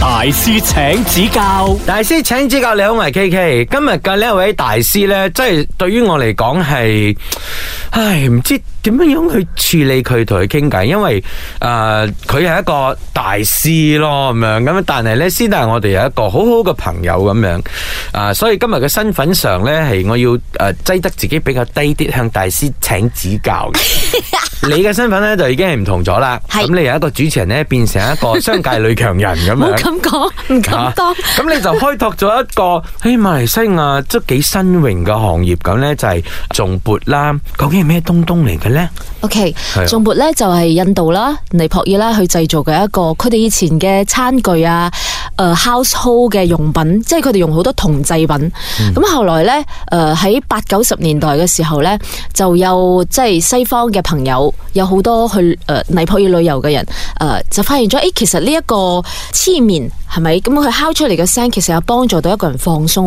大師請指教，大師請指教，你好，我係 K K。今日嘅呢位大師呢，真係對於我嚟講係，唉，唔知，點樣樣去處理佢同佢傾偈？因為誒，佢、呃、係一個大師咯，咁樣咁。但係咧，先但係我哋有一個好好嘅朋友咁樣。誒、呃，所以今日嘅身份上咧，係我要誒擠、呃、得自己比較低啲，向大師請指教嘅 你嘅身份咧就已經係唔同咗啦。咁，你由一個主持人咧，變成一個商界女強人咁 樣說。咁、啊、講，唔咁講。咁你就開拓咗一個喺、哎、馬來西亞都幾新穎嘅行業咁咧，就係頌缽啦。究竟係咩東東嚟嘅？O K，仲有咧就係印度啦，尼泊爾啦，去製造嘅一個，佢哋以前嘅餐具啊。誒，household 嘅用品，即係佢哋用好多銅製品。咁、嗯、後來咧，誒喺八九十年代嘅時候咧，就有即係西方嘅朋友，有好多去誒尼泊爾旅遊嘅人，誒就發現咗，誒其實呢一個黐面係咪咁佢敲出嚟嘅聲，其實有幫助到一個人放鬆。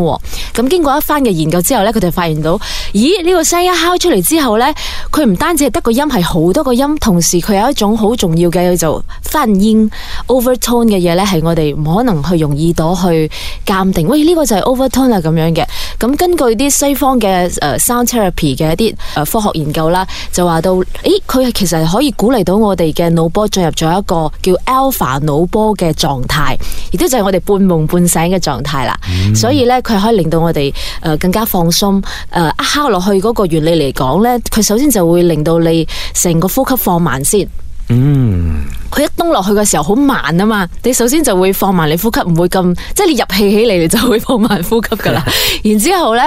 咁經過一番嘅研究之後咧，佢哋發現到，咦呢、呢個聲一敲出嚟之後咧，佢唔單止係得個音係好多個音，同時佢有一種好重要嘅叫做泛音 overtone 嘅嘢咧，係我哋唔可能。容易去用耳朵去鑒定，喂、哎、呢、這個就係 overtone 啊咁樣嘅。咁根據啲西方嘅誒 sound therapy 嘅一啲誒科學研究啦，就話到，誒佢係其實可以鼓勵到我哋嘅腦波進入咗一個叫 alpha 腦波嘅狀態，亦都就係我哋半夢半醒嘅狀態啦。Mm. 所以咧，佢可以令到我哋誒更加放鬆。誒，一敲落去嗰個原理嚟講咧，佢首先就會令到你成個呼吸放慢先。嗯、mm.。佢一咚落去嘅時候好慢啊嘛，你首先就會放慢你呼吸，唔會咁，即係你入氣起嚟，你就會放慢呼吸噶啦。 然之後呢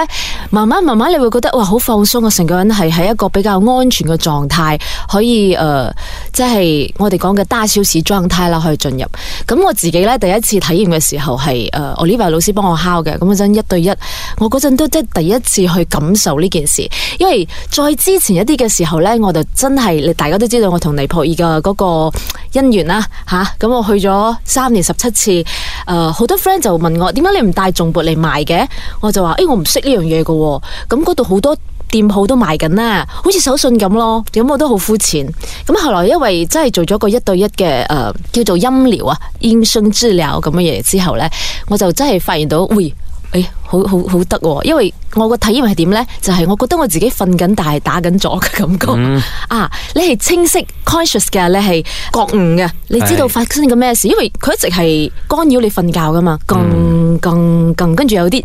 慢慢慢慢，你會覺得哇，好放鬆啊，成個人係喺一個比較安全嘅狀態，可以誒、呃，即係我哋講嘅大小時狀態啦，可以進入。咁我自己呢，第一次體驗嘅時候係誒，我呢位老師幫我敲嘅，咁陣一對一，我嗰陣都即係第一次去感受呢件事，因為再之前一啲嘅時候呢，我就真係，你大家都知道，我同尼泊爾嘅嗰、那個。姻緣啦，吓、啊、咁我去咗三年十七次，誒、呃、好多 friend 就問我點解你唔帶頌缽嚟賣嘅？我就話誒、欸、我唔識呢樣嘢嘅，咁嗰度好多店鋪都賣緊啦，好似手信咁咯，咁我都好膚淺。咁後來因為真係做咗個一對一嘅誒、呃、叫做音療啊，音聲治療咁嘅嘢之後呢，我就真係發現到喂！」誒、哎，好好好得、哦，因為我個體驗係點呢？就係、是、我覺得我自己瞓緊，但係打緊咗嘅感覺、嗯。啊，你係清晰 conscious 嘅，你係覺悟嘅、啊，你知道發生緊咩事？因為佢一直係干擾你瞓覺噶嘛，更更更，跟、嗯、住有啲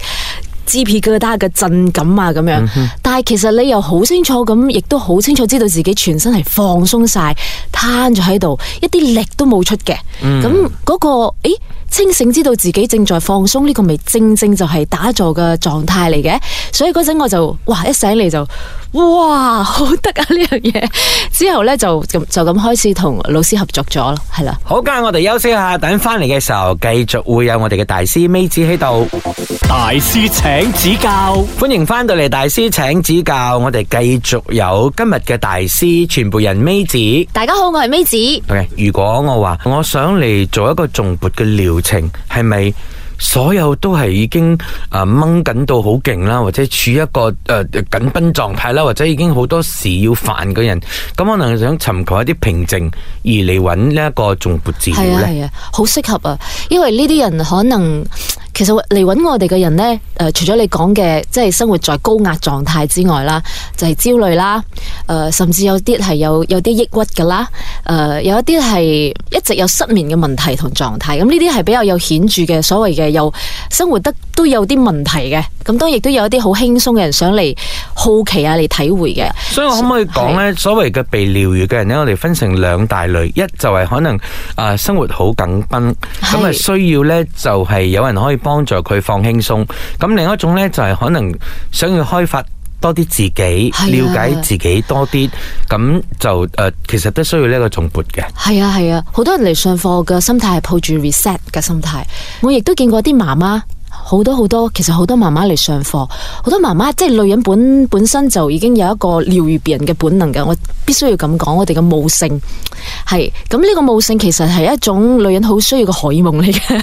支皮疙瘩嘅震感啊，咁、嗯、樣。但係其實你又好清楚咁，亦都好清楚知道自己全身係放鬆晒，攤咗喺度，一啲力都冇出嘅。咁、嗯、嗰、那個誒。哎清醒知道自己正在放鬆呢、這個，未正正就係打坐嘅狀態嚟嘅。所以嗰陣我就哇一醒嚟就哇好得啊呢樣嘢，之後咧就就咁開始同老師合作咗咯，係啦。好，家下我哋休息一下，等翻嚟嘅時候繼續會有我哋嘅大師 May 子喺度，大師請指教，歡迎翻到嚟，大師請指教，我哋繼續有今日嘅大師媒體人 May 子。大家好，我係 May 子。OK，如果我話我想嚟做一個頌缽嘅療。情係咪所有都係已經誒掹緊到好勁啦，或者處於一個誒緊繃狀態啦，或者已經好多事要煩嘅人，咁可能想尋求一啲平靜而嚟揾呢一個頌缽治療呢？係啊，係啊，好適合啊，因為呢啲人可能。其實嚟揾我哋嘅人呢，誒、呃，除咗你講嘅，即係生活在高壓狀態之外啦，就係、是、焦慮啦，誒、呃，甚至有啲係有有啲抑鬱噶啦，誒，有一啲係、呃、一,一直有失眠嘅問題同狀態，咁呢啲係比較有顯著嘅所謂嘅，又生活得都有啲問題嘅，咁當然亦都有一啲好輕鬆嘅人想嚟好奇啊，嚟體會嘅。所以我可唔可以講呢？所謂嘅被療愈嘅人呢，我哋分成兩大類，一就係可能誒生活好緊繃，咁啊需要呢，就係有人可以。幫助佢放輕鬆，咁另一種呢，就係、是、可能想要開發多啲自己、啊，了解自己多啲，咁就誒、呃，其實都需要呢一個重撥嘅。係啊係啊，好、啊、多人嚟上課嘅心態係抱住 reset 嘅心態。我亦都見過啲媽媽，好多好多，其實好多媽媽嚟上課，好多媽媽即係女人本本身就已經有一個療愈別人嘅本能嘅。我必須要咁講，我哋嘅母性係咁呢個母性，母性其實係一種女人好需要嘅荷爾蒙嚟嘅。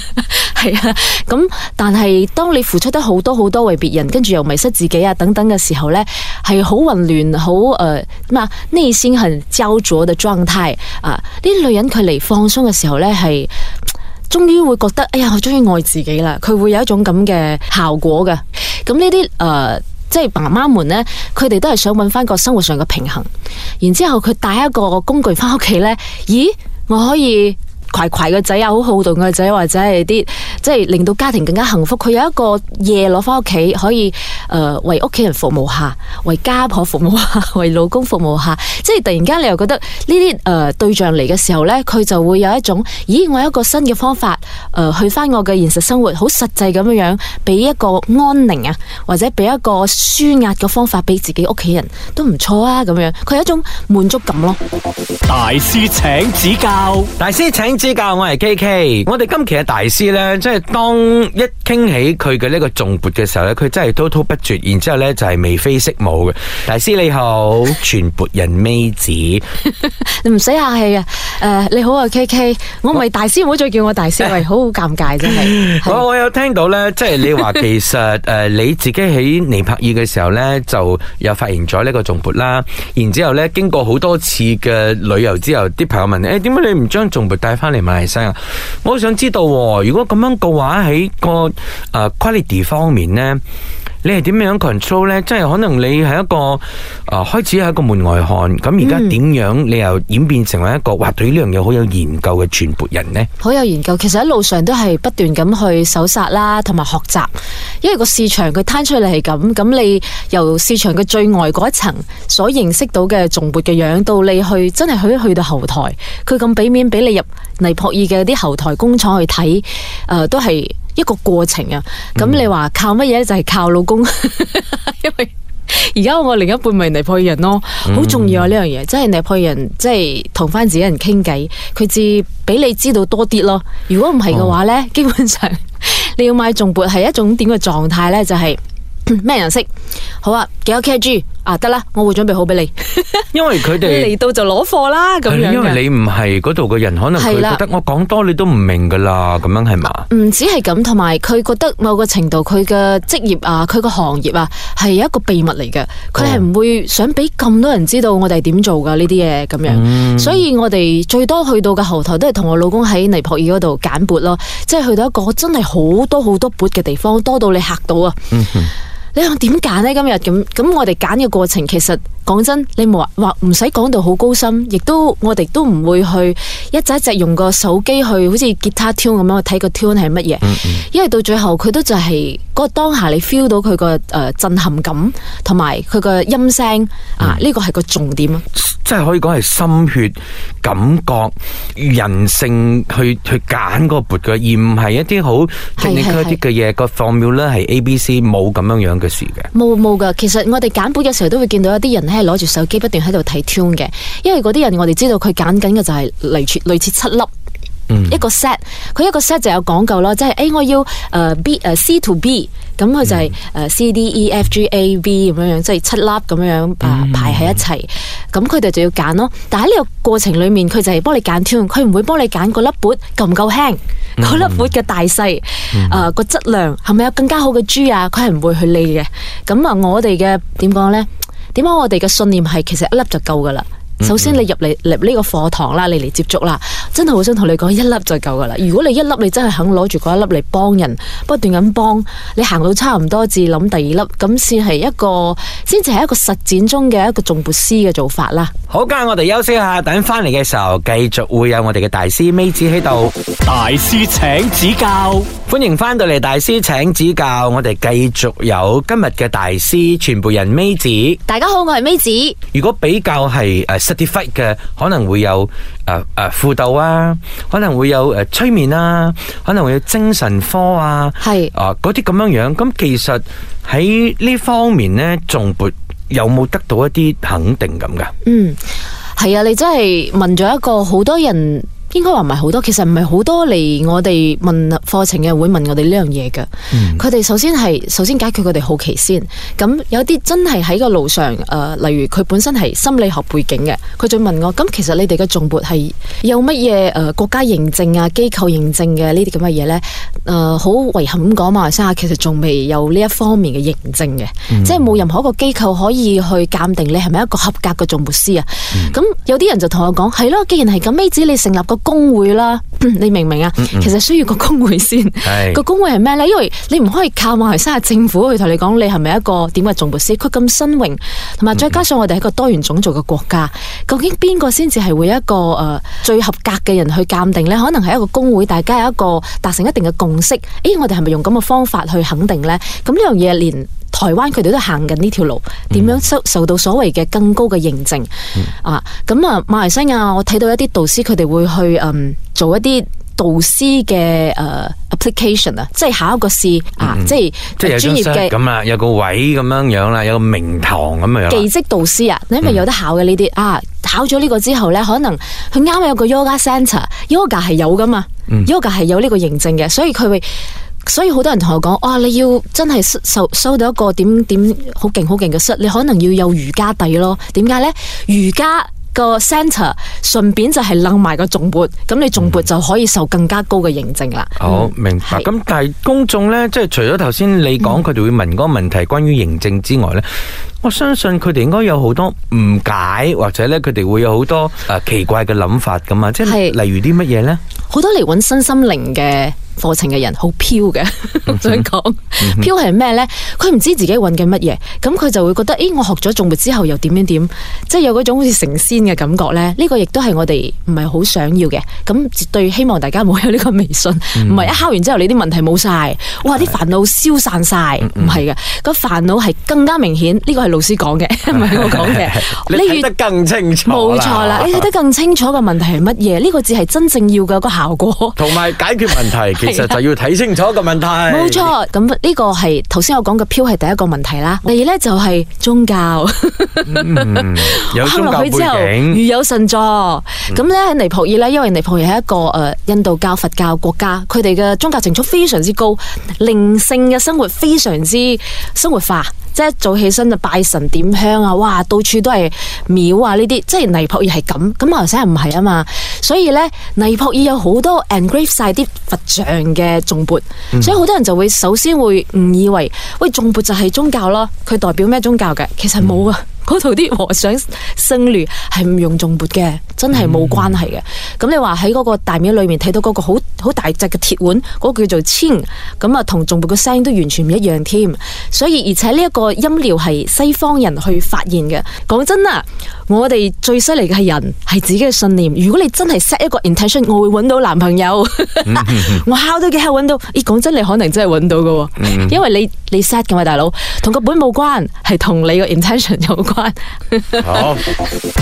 係啊，咁但係當你付出得好多好多為別人，跟住又迷失自己啊等等嘅時候呢，係好混亂，好誒，咁啊內心係焦灼嘅狀態啊！啲、呃、女人佢嚟放鬆嘅時候呢，係終於會覺得，哎呀，我終於愛自己啦！佢會有一種咁嘅效果嘅。咁呢啲誒，即係媽媽們呢，佢哋都係想揾翻個生活上嘅平衡。然之後佢帶一個工具翻屋企呢：「咦，我可以。.乖乖嘅仔啊，好好動嘅仔，或者係啲即係令到家庭更加幸福。佢有一個嘢攞翻屋企可以。誒、呃，為屋企人服務下，為家婆服務下，為老公服務下，即係突然間你又覺得呢啲誒對象嚟嘅時候呢，佢就會有一種，咦，我有一個新嘅方法，誒、呃，去翻我嘅現實生活，好實際咁樣樣，俾一個安寧啊，或者俾一個舒壓嘅方法俾自己屋企人都唔錯啊，咁樣，佢有一種滿足感咯。大師請指教，大師請指教，我係 KK，我哋今期嘅大師呢，即係當一傾起佢嘅呢個頌缽嘅時候呢，佢真係滔滔不。然之後咧就係眉飛色舞嘅。大師你好，傳缽人 May 子， 你唔使客氣嘅，誒、uh, 你好啊、uh, KK，我唔係大師，唔 好再叫我大師 喂，好好尷尬真係。 我我有聽到咧，即係你話其實誒 你自己喺尼泊爾嘅時候咧，就又發現咗呢個頌缽啦，然之後咧經過好多次嘅旅遊之後，啲朋友問、哎、為什麼你誒，點解你唔將頌缽帶翻嚟馬來西亞啊？我想知道，如果咁樣嘅話喺個誒 quality 方面咧。你係點樣 control 呢？即係可能你係一個啊、呃，開始係一個門外漢。咁而家點樣你又演變成為一個，哇、嗯！對呢樣嘢好有研究嘅傳播人呢？好有研究。其實一路上都係不斷咁去搜殺啦，同埋學習。因為個市場佢攤出嚟係咁，咁你由市場嘅最外嗰一層所認識到嘅重播嘅樣子，到你去真係去去到後台，佢咁俾面俾你入尼泊爾嘅啲後台工廠去睇，誒、呃，都係。一個過程啊，咁你話靠乜嘢就係靠老公，嗯、 因為而家我另一半咪尼泊爾人咯，好、嗯、重要啊呢樣嘢，即係尼泊爾人，即係同翻自己人傾偈，佢至畀你知道多啲咯。如果唔係嘅話呢、哦，基本上你要買重撥係一種點嘅狀態呢？就係咩顏色？好啊，幾多 KG？啊，得啦，我會準備好俾你。因為佢哋嚟到就攞貨啦，咁樣。因為你唔係嗰度嘅人，可能佢覺得我講多你都唔明噶啦，咁樣係嘛？唔，啊，只係咁，同埋佢覺得某個程度，佢嘅職業啊，佢個行業啊，係一個秘密嚟嘅。佢係唔會想俾咁多人知道我哋點做噶呢啲嘢咁樣、嗯。所以我哋最多去到嘅後台都係同我老公喺尼泊爾嗰度揀缽咯，即，就，係，是，去到一個真係好多好多缽嘅地方，多到你吓到啊！嗯你話點揀呢？今日咁咁，我哋揀嘅過程，其實講真，你冇話唔使講到好高深，亦都我哋都唔會去一隻一隻用個手機去好似吉他 tune 咁樣去睇個 tune 係乜嘢，因為到最後佢都就係。嗰、那個當下你 feel 到佢個誒震撼感，同埋佢個音聲啊，呢個係個重點啊！即係可以講係心血、感覺、人性去去揀嗰個撥嘅，而唔係一啲好 t e 嘅嘢。n f o r m u l 嘢。個放係 A、B、C 冇咁樣樣嘅事嘅，冇冇噶。其實我哋揀撥嘅時候都會見到一啲人咧攞住手機不斷喺度睇 tune 嘅，因為嗰啲人我哋知道佢揀緊嘅就係類似類似七粒。一個 set，佢一個 set 就有講究咯，即係誒，我要誒 B 誒 C to B，咁佢就係誒 C、嗯、C D E F G A B 咁樣樣，即係七粒咁樣樣啊排喺一齊，咁佢哋就要揀咯。但喺呢個過程裏面，佢就係幫你揀添，佢唔會幫你揀嗰粒缽夠唔夠輕，嗰粒缽嘅大細，誒個質量係咪有更加好嘅珠啊？佢係唔會去理嘅。咁啊，我哋嘅點講咧？點解我哋嘅信念係其實一粒就夠噶啦？首先你入嚟入呢個課堂啦，你嚟接觸啦，真係好想同你講一粒就夠噶啦。如果你一粒你真係肯攞住嗰一粒嚟幫人，不斷咁幫，你行到差唔多至諗第二粒，咁先係一個，先至係一個實戰中嘅一個頌缽師嘅做法啦。好，家我哋休息下，等翻嚟嘅時候繼續會有我哋嘅大師 May 子喺度。大師請指教，歡迎翻到嚟。大師請指教，我哋繼續有今日嘅大師全部人 May 子。大家好，我係 May 子。如果比較係 certified 嘅可能會有誒誒、啊啊、輔導啊，可能會有誒、啊、催眠啊，可能會有精神科啊，係啊，嗰啲咁樣樣。咁其實喺呢方面呢，仲有冇得到一啲肯定咁噶？嗯，係啊，你真係問咗一個好多人。應該話唔係好多，其實唔係好多嚟我哋問課程嘅會問我哋呢樣嘢嘅。佢、嗯、哋首先係首先解決佢哋好奇先。咁有啲真係喺個路上，誒、呃，例如佢本身係心理學背景嘅，佢就問我：，咁其實你哋嘅頌缽係有乜嘢誒國家認證啊、機構認證嘅、啊、呢啲咁嘅嘢咧？誒、呃，好遺憾咁講，馬來西亞其實仲未有呢一方面嘅認證嘅、嗯，即係冇任何一個機構可以去鑑定你係咪一個合格嘅頌缽師啊。咁、嗯、有啲人就同我講：，係、嗯、咯，既然係咁，只你成立個工會啦，嗯、你明唔明啊？其實需要個工會先，個工會係咩呢？因為你唔可以靠馬來西亞政府去同你講你係咪一個點嘅總部司佢咁新穎，同埋再加上我哋係一個多元種族嘅國家，嗯、究竟邊個先至係會一個誒、呃、最合格嘅人去鑒定呢？可能係一個工會，大家有一個達成一定嘅共識。誒，我哋係咪用咁嘅方法去肯定呢？咁呢樣嘢連。台灣佢哋都行緊呢條路，點樣受受到所謂嘅更高嘅認證、嗯、啊？咁啊，馬來西亞我睇到一啲導師佢哋會去嗯做一啲導師嘅誒 application 啊，即係考一個試啊，嗯、即係即係專業嘅咁啊，有個位咁樣樣啦，有個名堂咁樣。技職導師啊，你咪有得考嘅呢啲啊？考咗呢個之後咧，可能佢啱有個 yoga center，yoga 係有噶嘛、嗯，yoga 係有呢個認證嘅，所以佢會。所以好多人同我講，哇、哦！你要真係收收到一個點點好勁好勁嘅濕，你可能要有瑜伽底咯。點解呢？瑜伽個 centre 順便就係掹埋個重撥，咁你重撥就可以受更加高嘅認證啦。好、嗯嗯哦、明白。咁但係公眾呢，即係除咗頭先你講佢哋會問嗰個問題關於認證之外呢、嗯，我相信佢哋應該有好多誤解，或者呢，佢哋會有好多誒奇怪嘅諗法噶嘛。即係例如啲乜嘢呢？好多嚟揾身心靈嘅。課程嘅人好飄嘅，飄的想講，飄係咩呢？佢唔知自己揾緊乜嘢，咁佢就會覺得誒、哎，我學咗頌缽之後又點樣點，即係有嗰種好似成仙嘅感覺呢。這」呢個亦都係我哋唔係好想要嘅。咁絕對希望大家冇有呢個微信，唔係一敲完之後你啲問題冇晒、嗯，哇啲煩惱消散晒，唔係嘅，是那個煩惱係更加明顯。呢、這個係老師講嘅，唔係我講嘅。 你睇得更清楚，冇錯啦。你睇得更清楚嘅問題係乜嘢？呢、這個只係真正要嘅、那個效果，同埋解決問題。 其實就要睇清楚個問題的。冇錯，咁呢個係頭先我講嘅飄係第一個問題啦。第二咧就係宗教，入落去之後如有神助。咁咧喺尼泊爾咧，因為尼泊爾係一個誒印度教佛教國家，佢哋嘅宗教程度非常之高，靈性嘅生活非常之生活化。即係一早起身就拜神點香啊！哇，到處都係廟啊，呢啲即係尼泊爾係咁，咁馬來西亞唔係啊嘛，所以咧尼泊爾有好多 engrave 晒啲佛像嘅頌缽，嗯、所以好多人就會首先會誤以為喂頌缽就係宗教咯，佢代表咩宗教嘅？其實冇啊。.嗰度啲和尚僧侶係唔用重撥嘅，真係冇關係嘅。咁、嗯、你話喺嗰個大廟裏面睇到嗰個好好大隻嘅鐵碗，嗰、那個、叫做磬，咁啊同重撥嘅聲都完全唔一樣添。所以而且呢一個音療係西方人去發現嘅。講真啊。我哋最犀利嘅係人，係自己嘅信念。如果你真係 set 一個 intention，我會揾到男朋友。 我考咗幾下揾到，咦？講真，你可能真係揾到嘅， 因為你你 set 嘅嘛，大佬同個缽冇關，係同你個 intention 有關。好 oh.，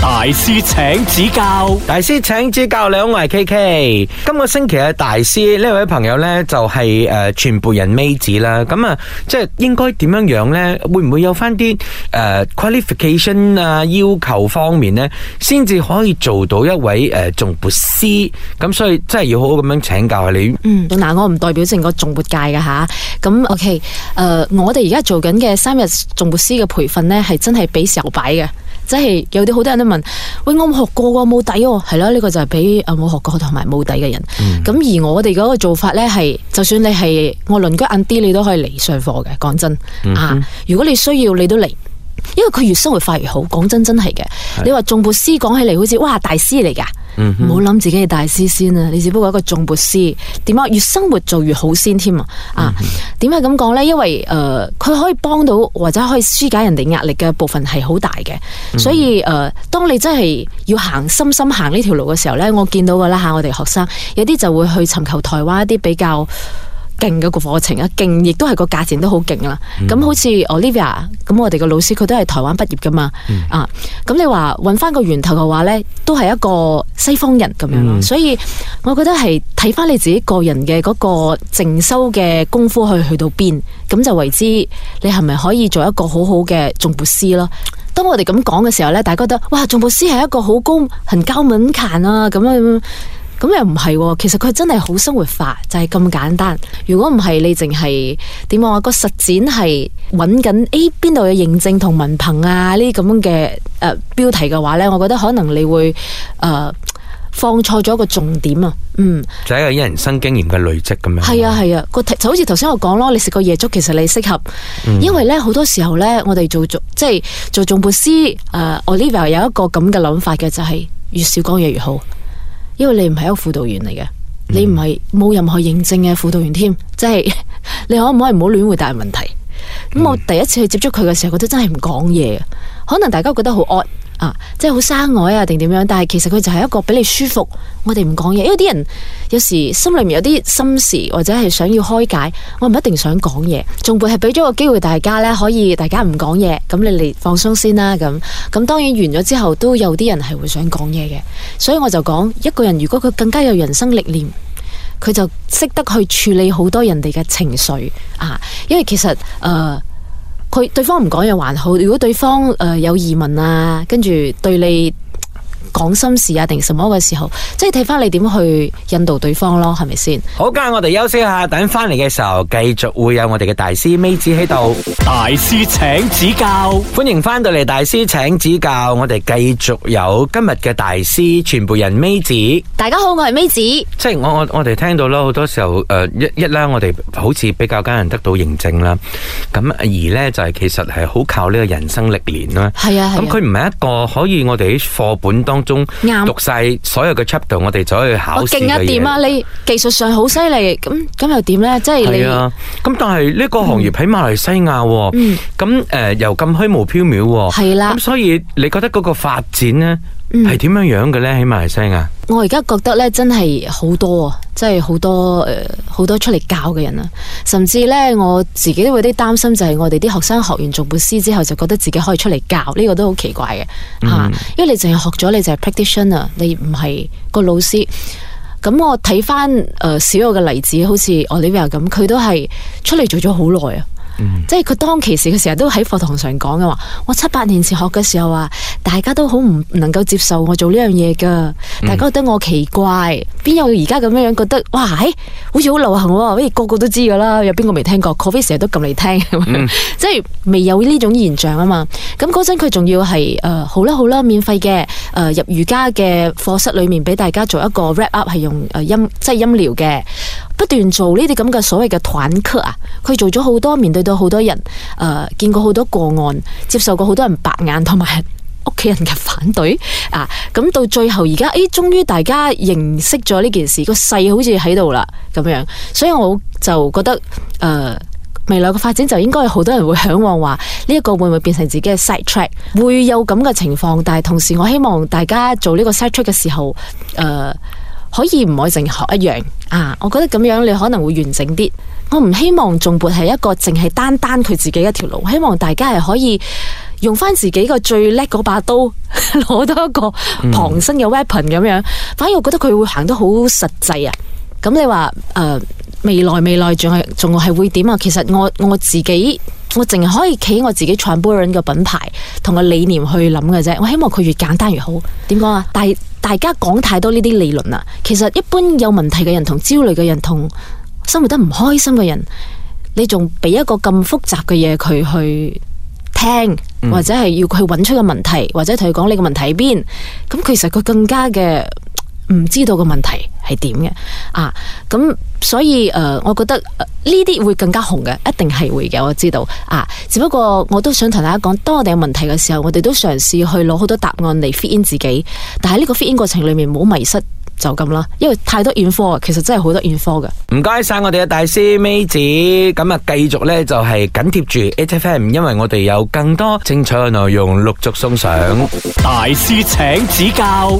大師請指教，大師請指教。兩位 KK，今個星期嘅大師呢位朋友咧，就係、是、誒、呃、傳媒人 May 子啦。咁、呃、啊，即係應該點樣樣咧？會唔會有翻啲誒 qualification 啊要求方方面咧，先至可以做到一位重、呃、頌缽師，咁所以真係要好好咁樣請教下你。嗯，嗱、嗯，我唔代表成個頌缽界噶吓，咁、啊、OK，誒、呃，我哋而家做緊嘅三日頌缽師嘅培訓咧，係真係俾時候擺嘅，即、就、係、是、有啲好多人都問，喂，我冇學過喎、啊，冇底喎、啊，係咯，呢、這個就係俾我冇學過同埋冇底嘅人。咁、嗯、而我哋嗰個做法咧，係就算你係我鄰居 Auntie 啲，你都可以嚟上課嘅。講真、嗯、哼啊，如果你需要，你都嚟。因為佢越生活化越好，講真真係嘅。你話頌缽師講起嚟好似哇大師嚟噶，唔好諗自己係大師先啊！你只不過一個頌缽師，點啊？越生活做越好先添啊、嗯！啊，點解咁講呢？因為誒，佢、呃、可以幫到或者可以紓解人哋壓力嘅部分係好大嘅，所以誒、呃，當你真係要行深深行呢條路嘅時候呢，我見到噶啦吓，我哋學生有啲就會去尋求台灣一啲比較。勁嗰個課程啊，勁亦都係個價錢都、嗯、好勁啦。咁好似 Olivia 咁，我哋嘅老師佢都係台灣畢業噶嘛、嗯。啊，咁你話揾翻個源頭嘅話呢，都係一個西方人咁樣咯。所以我覺得係睇翻你自己個人嘅嗰個淨修嘅功夫去去到邊，咁就為之你係咪可以做一個很好好嘅頌缽師咯？當我哋咁講嘅時候呢，大家覺得哇，頌缽師係一個好高很高門檻啊，咁啊。咁又唔係，其實佢真係好生活化，就係、是、咁簡單。如果唔係你淨係點講個實踐係揾緊誒邊度嘅認證同文憑啊呢啲咁樣嘅誒標題嘅話呢，我覺得可能你會誒、呃、放錯咗個重點啊。嗯，就係一個人生經驗嘅累積咁樣。係啊係啊，個、啊、就好似頭先我講咯，你食過夜粥其實你適合、嗯，因為呢好多時候呢，我哋做做即係做頌缽師誒、呃、，Oliver 有一個咁嘅諗法嘅就係、是、越少講嘢越好。因為你唔係一個輔導員嚟嘅，你唔係冇任何認證嘅輔導員添、嗯，即係你可唔可以唔好亂回答問題？咁、嗯、我第一次去接觸佢嘅時候，佢都真係唔講嘢，可能大家覺得好 odd 即係好生我啊，定點樣？但係其實佢就係一個俾你舒服，我哋唔講嘢，因為啲人有時心裏面有啲心事，或者係想要開解，我唔一定想講嘢。仲會係俾咗個機會大家呢，可以大家唔講嘢，咁你嚟放鬆先啦。咁咁當然完咗之後，都有啲人係會想講嘢嘅，所以我就講一個人如果佢更加有人生歷練，佢就識得去處理好多人哋嘅情緒啊，因為其實誒。呃佢對方唔講又還好，如果對方誒、呃、有疑問啊，跟住對你，講心事啊，定什麼嘅時候，即係睇翻你點去引導對方咯，係咪先？好，梗係我哋休息下，等翻嚟嘅時候繼續會有我哋嘅大師 May 子喺度。大師請指教，歡迎翻到嚟。大師請指教，我哋繼續有今日嘅大師全部人 May 子。大家好，我係 May 子。即、就、係、是、我我哋聽到咧，好多時候誒、呃，一一咧，我哋好似比較艱難得到認證啦。咁而呢，就係、是、其實係好靠呢個人生歷練啦。係啊，咁佢唔係一個可以我哋喺課本多。當中讀晒所有嘅 chapter，我哋就可以考試嘅嘢。勁一點啊！你技術上好犀利，咁咁又點咧？即係你咁、啊，但係呢個行業喺馬來西亞，嗯，咁誒、呃、又咁虛無縹緲，係啦、啊。咁所以你覺得嗰個發展咧？係、嗯、點樣樣嘅咧？起碼係聲啊！我而家覺得咧，真係好多啊，真係好多誒，好多出嚟教嘅人啊。甚至咧，我自己都有啲擔心，就係我哋啲學生學完做缽師之後，就覺得自己可以出嚟教呢、呢個都好奇怪嘅吓、啊嗯。因為你淨係學咗，你就係 practitioner，你唔係個老師。咁我睇翻誒，少有嘅例子，好似 Olivia 咁，佢都係出嚟做咗好耐啊。即係佢當其時嘅時候都喺課堂上講嘅話，我七八年前學嘅時候啊，大家都好唔能夠接受我做呢樣嘢噶，嗯、大家覺得我奇怪，邊有而家咁樣樣覺得，哇，誒、哎，好似好流行、啊，好、哎、似個個都知噶啦，有邊個未聽過？coffee 成日都撳嚟聽，嗯、 即係未有呢種現象啊嘛。咁嗰陣佢仲要係誒、呃，好啦好啦，免費嘅誒入瑜伽嘅課室裏面俾大家做一個 wrap up 係用誒、呃、音，即係音療嘅。不斷做呢啲咁嘅所謂嘅團克啊，佢做咗好多，面對到好多人，誒、呃，見過好多個案，接受過好多人白眼同埋屋企人嘅反對啊，咁到最後而家誒，終、哎、於大家認識咗呢件事，個勢好似喺度啦咁樣，所以我就覺得誒、呃，未來嘅發展就應該有好多人會向往話呢一個會唔會變成自己嘅 side track，會有咁嘅情況，但係同時我希望大家做呢個 side track 嘅時候，誒、呃。可以唔可以淨學一樣啊？我覺得咁樣你可能會完整啲。我唔希望頌缽係一個淨係單單佢自己一條路，希望大家係可以用翻自己個最叻嗰把刀，攞多一個旁身嘅 weapon 咁樣。反而我覺得佢會行得好實際啊！咁你話誒、呃、未來未來仲係仲係會點啊？其實我我自己我淨係可以企我自己 tribal 嘅品牌同個理念去諗嘅啫。我希望佢越簡單越好。點講啊？但係。大家講太多呢啲理論啦，其實一般有問題嘅人、同焦慮嘅人、同生活得唔開心嘅人，你仲俾一個咁複雜嘅嘢佢去聽，或者係要佢去揾出個問題，或者同佢講你個問題喺邊，咁其實佢更加嘅唔知道個問題係點嘅啊，咁。所以誒、呃，我覺得呢啲、呃、會更加紅嘅，一定係會嘅，我知道啊。只不過我都想同大家講，當我哋有問題嘅時候，我哋都嘗試去攞好多答案嚟 fill in 自己。但喺呢個 fill in 過程裏面，唔好迷失就咁啦，因為太多學科啊，其實真係好多學科嘅。唔該晒我哋嘅大師 May 子，咁啊，繼續咧就係緊貼住 ATFM，因為我哋有更多精彩嘅內容陸續送上。大師請指教。